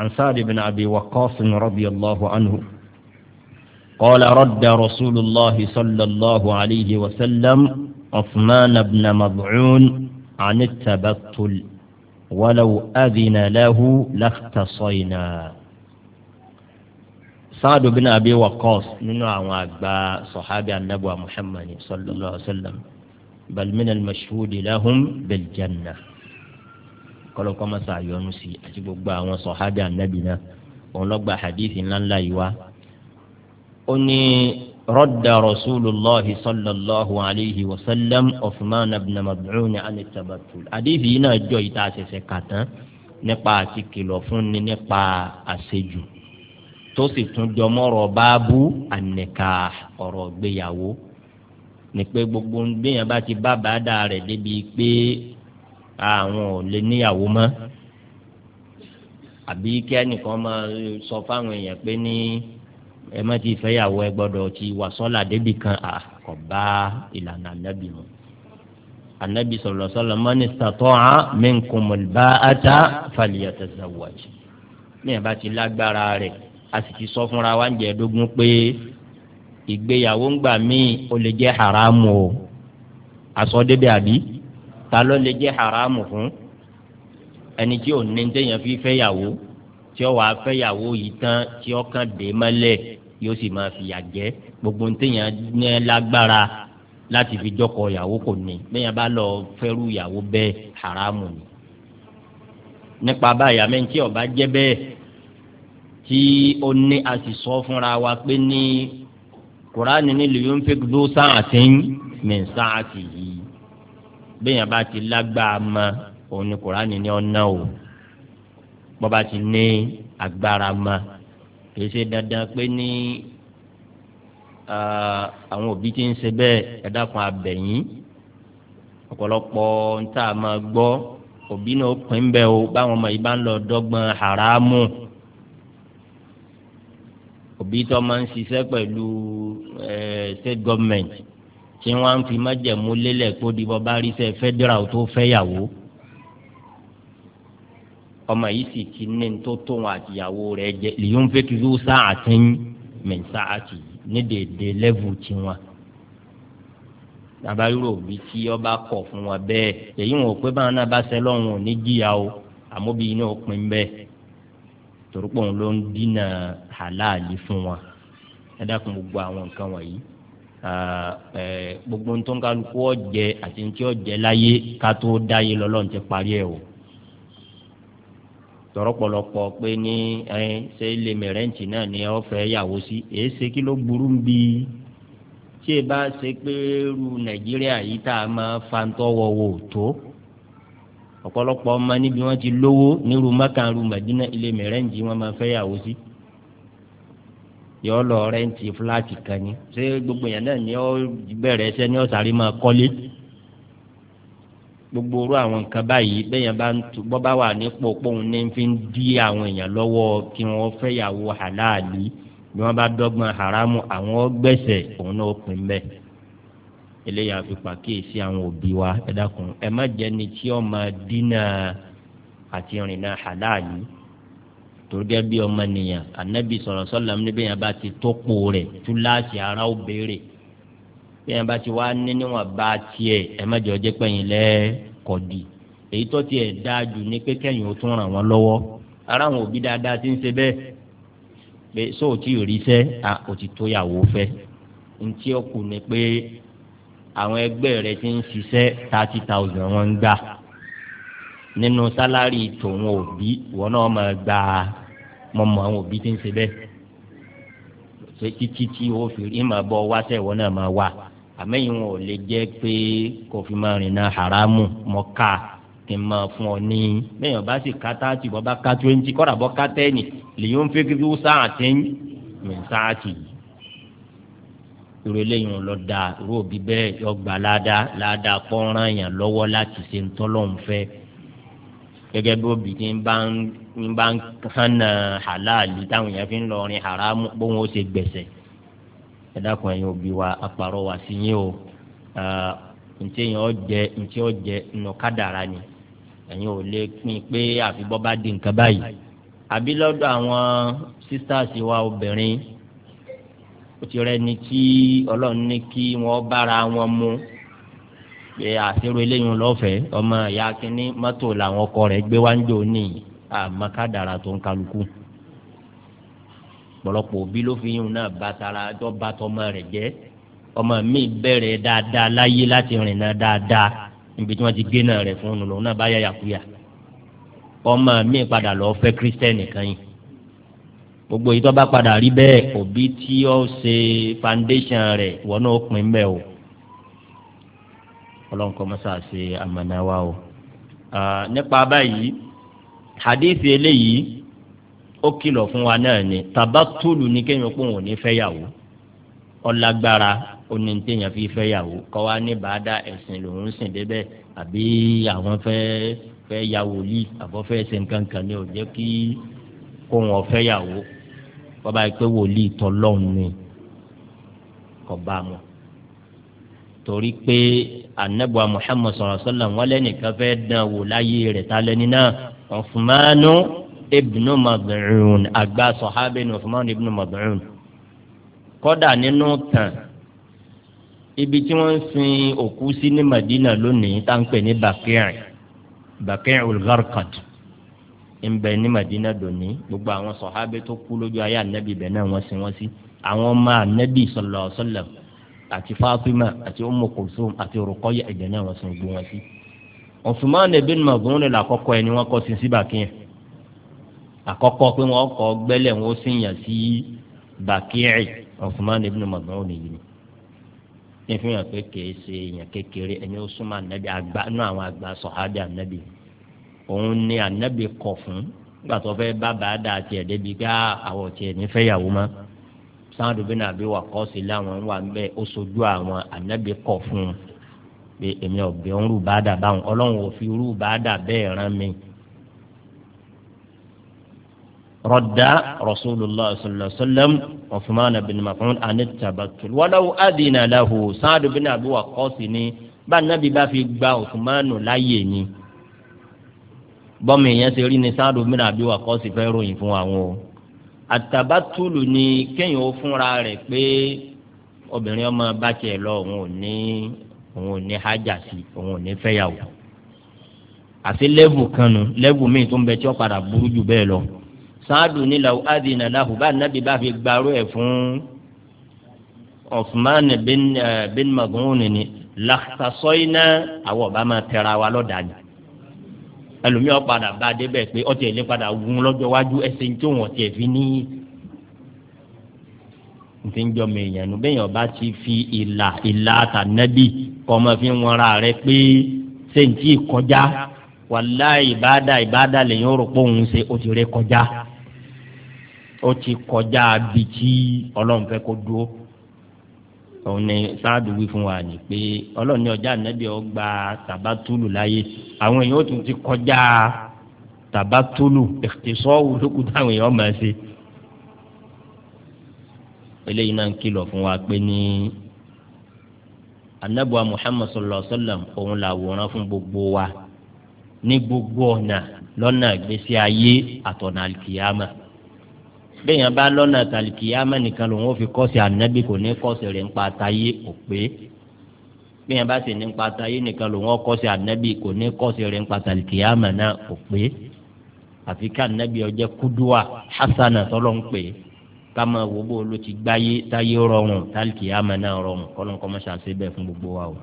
عن سعد بن أبي وقاص رضي الله عنه قال رد رسول الله صلى الله عليه وسلم عثمان بن مضعون عن التبتل ولو أذن له لاختصينا سعد بن أبي وقاص من أعواب صحابة النبوة محمد صلى الله عليه وسلم بل من المشهود لهم بالجنة kọlọkọ mọsà yọ́nú sí àti gbogbo àwọn sọhádà nàbì náà òun lọgbà hadithi ńláńlá yìí wá. ó ní rọ́dà rasulillahi sallallahu alayhi wa sallam uthman ibn mad'un ani tabatul. hadithi yìí náà jọ ìta àṣẹṣẹ kàtán nípa àti kìlọ̀ fún ni nípa àṣejù tó sì tún jọmọ́rọ̀ báábú ànìkà ọ̀rọ̀ gbéyàwó ni pé gbogbo gbéyàn bá ti bá bàdà rẹ̀ débi pé àwọn ò lè níyàwó mọ́ àbí kí ẹnìkan máa sọ fáwọn èèyàn pé ní ẹ má ti fẹ́yàwó ẹ gbọ́dọ̀ ti wà sọ́là débì kan à kò bá ìlànà ànábì mu ànábì sọ̀rọ̀ sọ̀rọ̀ man istata'a minkumul ba'ata falyatazawwaj ní ẹ̀ bá ti lágbára rẹ̀ a sì ti sọ fúnra wa ń jẹ́ dógún pé ìgbéyàwó ń gbà míì ó lè jẹ́ haramu o àsọdébẹ̀ àbí ta ló lè jẹ́ haramu fún ẹni tí ò ní téèyàn fi fẹ́yàwó tí ó wàá fẹ́yàwó yìí tán tí ó kàn dé mọ́lẹ̀ yóò sì máa fìyà jẹ gbogbo téèyàn ní lágbára láti fi jọkọ ìyàwó kò ní bẹ́ẹ̀ bá lọ fẹ́rù ìyàwó bẹ́ẹ̀ haramu ni nípa báyà mẹ́rin tí ó jẹ́ bẹ́ẹ̀ tí ó ní a sì sọ fúnra wa pé ní kùránì ní lèyìn fẹ́ gbó sáà tí mẹ́ sáà tì yìí bẹ́ẹ̀ bá ti lágbára mọ òun ni kùránì ní ọ̀nà o bọ́ba ti ní agbára mọ kì í ṣe dandan pé ní àwọn òbí ti ń ṣe bẹ́ẹ̀ ẹ̀dá kan abẹ̀yìn ọ̀pọ̀lọpọ̀ ń tà máa gbọ́ òbí náà pín bẹ́ẹ̀ o báwọn ọmọ yìí bá ń lọ dọ́gbọ́n haramu òbí tó máa ń ṣiṣẹ́ pẹ̀lú state government tí wọ́n fi májẹ̀mú lélẹ̀ kó di bọba àríṣẹ federal tó fẹ́yàwó ọmọ yìí sì ti ní tó tó wọn àtìyàwó rẹ̀ jẹ lìyún fẹkìlú sáà tí ń mìn sáà tì ní dèdè lẹ́vù tiwọn nàbá yúrò bí tí ọba kọ fún wọn bẹ́ẹ̀ èyí wọn ò pé báwọn náà bá ṣe lọ́rùn ní jìyà o àmóbi iná òpin bẹ́ẹ̀ torípò òun ló ń dínà hàlàálì fún wọn ẹ dákun gbogbo àwọn nǹkan wọ̀nyí Ah, eh, gbogbo ń tó ń kálukú ọ̀jẹ̀ àti ní tí láyé ká dáyé lọ́lọ́run ti parí ẹ̀ o tọ̀rọ̀pọ̀lọpọ̀ pé ní eh, ṣe ilé mẹrẹǹtì náà ni ọ fẹ́ yàwó sí èé ṣe kí ló burú ń bi tí ẹ bá ṣe pé ru nàìjíríà yìí tá a máa fa ń tọwọ wò tó ọ̀pọ̀lọpọ̀ ọmọ níbi wọ́n ti lówó nírú mọ́kànlú mẹ́dínà ilé mẹrẹǹtì wọ́n máa fẹ́ yàwó sí. Si yọ lọ rẹ́ǹtì fúláàtì kan ni ṣé gbogbo yẹn náà ni ó bẹ̀rẹ̀ ẹsẹ̀ ni ó máa kọ́lé gbogbo orú àwọn nǹkan báyìí bẹ́yẹn bá ń tu bọ́ bá wà nípò pòun ní fi ń dí àwọn èèyàn lọ́wọ́ kí wọ́n fẹ́yàwó hàláàlì bí wọ́n bá dọ́gbọ́n haramu àwọn gbẹ̀sẹ̀ òun náà pin bẹ́ẹ̀ eléyà fi pàkíyèsí àwọn òbí wa ẹ dákun ẹ má jẹ́ ni tí ó máa dínà àti ìrìnà hàláàlì torugẹ bí ọmọ nìyàn anabi sọ̀rọ̀ sọlọ ní bẹyàn bá ti tó kpo rẹ túláàsì ara ó béèrè bẹyàn bá ti wá ní níwọn bá tiẹ̀ ẹ má jọ jẹ pẹyìn lẹ kọdì èyí tó tiẹ̀ dáa jù ní pé kẹyìn ó tún ràn wọn lọ́wọ́ ara àwọn òbí dáadáa ti ń ṣe bẹ́ẹ̀ pé sóòtì rí sẹ à ó ti tó yàwó fẹ́ ntí ó kù ni pé àwọn ẹgbẹ́ rẹ ti ń ṣiṣẹ́ thirty thousand wọ́n ń gbà nínú sálárì tòun òbí wọn náà máa gba mo mọ àwọn òbí tí ń ṣe bẹ́ẹ̀ ṣe títí tí o fi rí màá bọ wá sẹ́wọ́n náà máa wà àmẹ́yìn wọn ò lè jẹ́ pé kò fi máa rìn náà haramu mọ́ ká kí n máa fún ọ ní bẹ́ẹ̀yàn bá sì ká táàtì bọ́ bá ká twenty kọ́ra bọ́ ká tẹ́ẹ̀nì lèyìn ń fi kí wọ́n sáà tẹ́ mi sáàtì irú eléyìí ń lọ da irú òbí bẹ́ẹ̀ yọ gbà ládàá ládàá pọ́nrán yàn lọ́wọ́ láti ṣe ń tọ́lọ́hún fẹ́ gẹ́gẹ́ bí òbí ti ń bá ń ní bá ń kan na halali táwọn èèyàn fi ń lọrin haramu bóun ó ṣe gbẹ̀sẹ̀ ẹ dákun ẹ̀yin òbí wa apàrọ̀ wá sí yín o ntí yẹn ọjẹ ntí ọjẹ nù kádàrá ni ẹ̀yin ò lè pín pé àfi bọ́ bá di nǹkan báyìí àbí lọ́dọ̀ àwọn sisters wa obìnrin ó ti rẹ ni kí ọlọ́run ní kí wọ́n bára wọn mu pé àṣírò eléyìí lọ́fẹ̀ẹ́ ọmọ ìyá kínní mọ́tò làwọn ọkọ rẹ̀ gbé wá níyì àmọ́ kádàrà tó ń kálukú pọ̀lọpọ̀ òbí ló fi yín náà bàtàrà tó bá tọmọ rẹ̀ jẹ́ ọmọ mi bẹ̀rẹ̀ dáadáa láyé láti rìn náà dáadáa níbi tí wọ́n ti gé náà rẹ̀ fún un lòun náà bá yàyàkuyà ọmọ mi padà lọ fẹ́ kírísítẹ́nì kan yìí gbogbo yìí tó bá padà rí bẹ́ẹ̀ òbí tí ó ṣe foundation rẹ̀ wọ́n náà pin bẹ́ẹ̀ o ọlọ́run kọ́ mọ́sá ṣe àmàna wa o nípa báyìí. Hadithi eléyìí o kìlọ̀ fún wa náà ni tabatulu ní kéèyàn pé òun ò ní fẹ́ yàwó ọlágbára oní téèyàn fi fẹ́ yàwó kọ́ wa ní bàdá ẹ̀sìn lòún sìn débẹ̀ àbí àwọn fẹ́ fẹ́ yàwó yìí àbọ̀fẹ́ ẹsẹ̀ nkankan ni ò jẹ́ kí kó wọn fẹ́ yàwó yìí pé wòlíì tọ́lọ́hún ni kò bá torí pé anabuwa muhammad sallallahu alaihi wasallam wọ́n lẹ́nìkan fẹ́ dán wò láyé rẹ̀ tá náà ọ̀fùmánú ibnu mad'un àgbà sọ̀hábẹ́ ní ọ̀fùmánú ibnu mad'un kọ́dà nínú tàn ibi tí wọ́n ń sin òkú sí ní madina lónìí tá ń pè ní bàkíyàn bàkíyàn olùgárkàt ń bẹ ní madina dòní gbogbo àwọn sọ̀hábẹ́ tó kú lójú ayé ànábì bẹ̀ náà wọ́n sin wọ́n sí àwọn ọmọ ànábì sallallahu alaihi wasallam àti fatima àti ummu kulsum àti ruqayya ẹ̀jẹ̀ náà wọ́n sin gbogbo wọn sí. Si Usman bin Mazun la kọ́kọ́ ẹni wọ́n kọ́ sí sí bàkíyà àkọ́kọ́ pé wọ́n kọ́ gbẹ́lẹ̀ wọ́n sì yàn sí bàkíyà Usman bin Mazun nìyí ní fi hàn pé kìí ṣe èèyàn kékeré ẹni ó súnmọ́ ànábì àgbà nú àwọn àgbà sọ̀hádì ànábì òun ni ànábì kọ̀ fún nígbà tó fẹ́ bá bàá dà tiẹ̀ débi pé àwọ̀ tiẹ̀ nífẹ̀yàwó mọ́ sáwọn dùbí náà bí wà kọ́ sí láwọn wà ń bẹ́ẹ̀ ó sojú àwọn ànábì kọ̀ fún un pé èmi ọ̀gbìn ń rú bàdà báwọn ọlọ́run ò fi rú bàdà bẹ́ẹ̀ rán mi. رد رسول الله صلى الله عليه وسلم عثمان بن مفعون عن التبتل ولو أذن له سعد بن أبي وقاص ni bá nàbí bá fi gba Uthmanu láyè ni bọ́mọ ṣe rí ni Sa'd bin Abi Waqqas fẹ́ ròyìn fún àwọn o àtàbátúlù ni kéèyàn ó fúnra rẹ̀ pé obìnrin ọmọ bá tiẹ̀ lọ òun ò ní òun ò ní hájà sí òun ò ní fẹ́yàwó àfi lẹ́bù kanu lẹ́bù míì tó ń bẹ tí ó padà burú jù bẹ́ẹ̀ lọ sáàdù ní làwọn àdìnnà láhùn bá nàbí bá fi gbarú ẹ̀ fún Osman bin eh, bin Magun ni làtàsọ́yìnà àwọn ọba máa tẹ̀ra wa lọ́dàájú ẹlòmíọ́ padà bá a débẹ̀ pé ọtí ẹ̀ lé padà wún lọ́jọ́ wájú ẹsẹ̀ tí òun ọ̀tí fi ní nfi jọ mi yẹn nu bẹ́ẹ̀ yẹn ọba ti fi ìlà ìlà tànẹ́bì kọ́mọ fi wọnra rẹ pé sèǹtì kọjá wàlá ìbáda ìbáda lèyìn rò pé òun ṣe ó ti ré kọjá ó ti kọjá bi tí ọlọ́run fẹ́ kó dúró òun ni sáàdù wí fún wa ni pé ọlọ́run ọjà nẹ́bí ọ gba tàbátúlù láyé àwọn èèyàn tún ti kọjá tàbátúlù ìṣọ́ òwúlókùtà àwọn èèyàn máa ṣe eléyìí náà ń kìlọ̀ fún wa pé ní anabuwa muhammad sallallahu alaihi wa sallam òun là wòran fún gbogbo wa ní gbogbo ọ̀nà lọ́nà ìgbésí ayé àtọ̀nà àlìkìyàmà bẹ́ẹ̀yàn bá lọ́nà tàlìkìyàmà nìkan lòun ó fi kọ́sì ànábì kò ní kọ́sì rẹ̀ ń pa àtàyé kò pé bẹ́ẹ̀yàn bá sì ní pa àtàyé nìkan lòun ó kọ́sì ànábì kò ní kọ́sì rẹ̀ ń pa tàlìkìyàmà náà kò pé àfi ká ànábì ó jẹ́ hasana tọ́lọ́ ń pè é ká máa wò bó ló ti gbáyé táyé rọrùn tálíkì àmà náà rọrùn kọ́lọ́nkọ́ mọ́ṣáláṣí bẹ́ẹ̀ fún gbogbo wa o.